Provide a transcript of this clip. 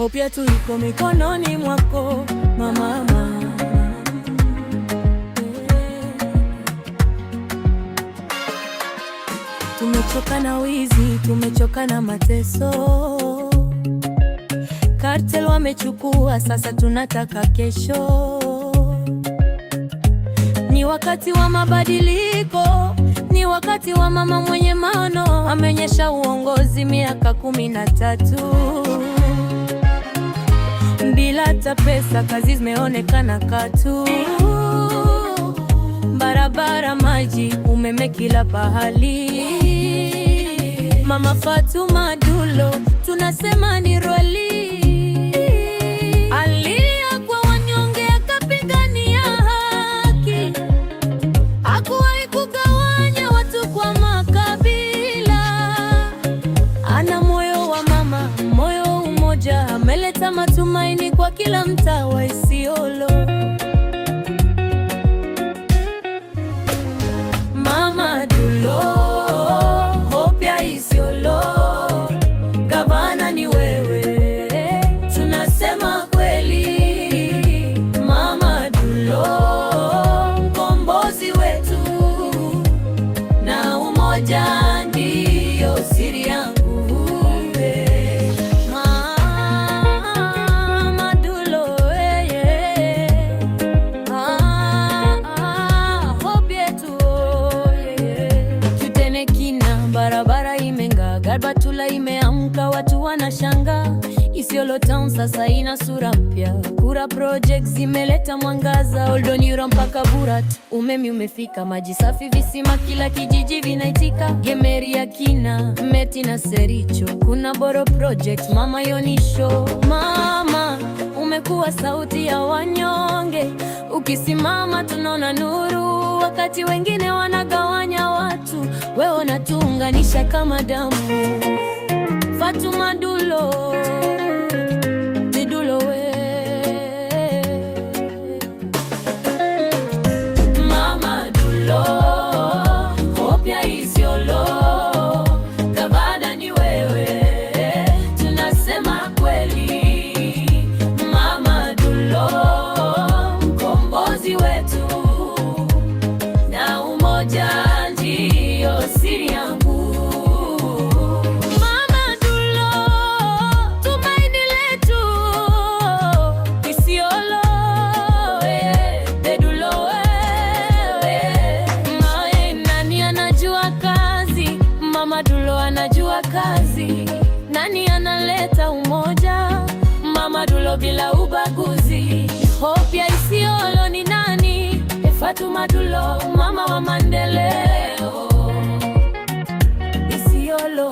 Hopia tu iko mikononi mwako mama, mama. Tumechoka na wizi, tumechoka na mateso. Kartel wamechukua, sasa tunataka kesho. Ni wakati wa mabadiliko, ni wakati wa mama mwenye maono. Amenyesha uongozi miaka kumi na tatu bila ta pesa, kazi zimeonekana katu, barabara, maji, umeme kila pahali. Mama Fatuma Dulo tunasema ni roli matumaini kwa kila mtaa wa Isiolo. Mama Dulo, hope ya Isiolo, gavana ni wewe, tunasema kweli. Mama Dulo, mkombozi wetu na umoja shanga Isiolo Town sasa ina sura mpya. Kura project zimeleta mwangaza Oldonyura mpaka Burat, umemi umefika, maji safi, visima, kila kijiji vinaitika. Gemeri ya kina Meti na Sericho, kuna Boro project, mama Yonisho. Mama umekuwa sauti ya wanyonge, ukisimama tunaona nuru, wakati wengine wanagawanya watu, wewe unatuunganisha kama damu. my dolo. mapenzi. Nani analeta umoja? Mama Dulo bila ubaguzi. Hope ya Isiolo ni nani? E Fatuma Dulo, mama wa maendeleo Isiolo.